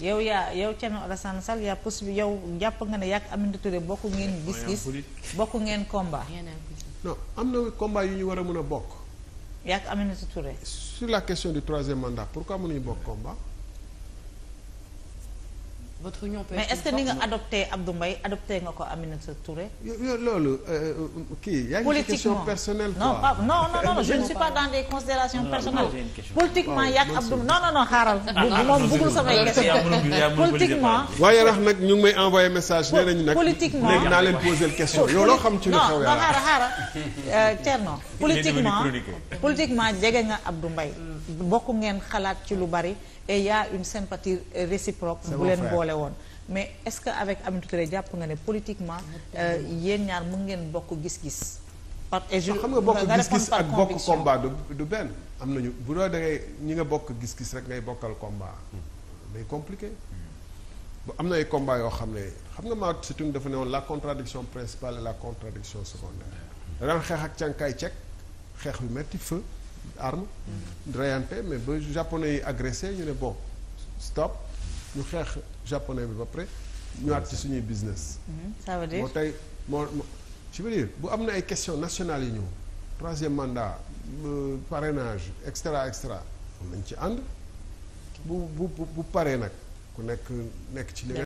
yow yaa yow Thierno Alassane Sall yaa possible yow jàpp nga ne yàgg Aminata Touré bokk ngeen gis-gis bokk ngeen combat non am na combat yu ñu war a mën a bokk yàgg Aminata Touré sur la question du troisième mandat pourquoi mënuñu bokk combat votre union peut mais est-ce que ni nga adopté Abdou Mbaye adopté nga ko Aminata Touré. loolu euh, euh, kii. yaa ngi politiquement yàgg Abdou non non non xaaral. moom bëggul samay question politiquement. waaye rax nag ñu ngi may envoyé message nee nañu nag. politiquement léegi naa leen posé question yow loo xam ci lu xew. non non xaaral xaaral euh, Thierno. politiquement politiquement jege nga Abdou Mbaye. bokk ngeen xalaat ci lu bari et y a une sympathie réciproque bu leen boole woon mais est-ce que avec Aminata Touré jàpp nga ne politiquement euh, yéen ñaar mën ngeen bokk gis-gis par ah, xam nga bokk gis-gis ak bokk combat du benn am na ñu bu doo da ñi nga bokk gis-gis rek ngay bokkal combat day compliqué bu am na ay combat yoo xam ne xam nga Mao Tse-tung dafa ne woon la contradiction principale et la contradiction secondaire daan xeex ak cànkaay cek xeex yu metti arme reyante mais ba japonais yi agressé ñu ne bon stop ñu xeex japonais bi ba pare ñëwaat ci suñuy business mhm. ça veut dire moo tey moo je veux dire bu am na ay questions nationales yi ñëw troisième mandat euh, parrainage et cetera et cetera am nañ ci ànd bu bu bu paree nag ku nekk nekk ci li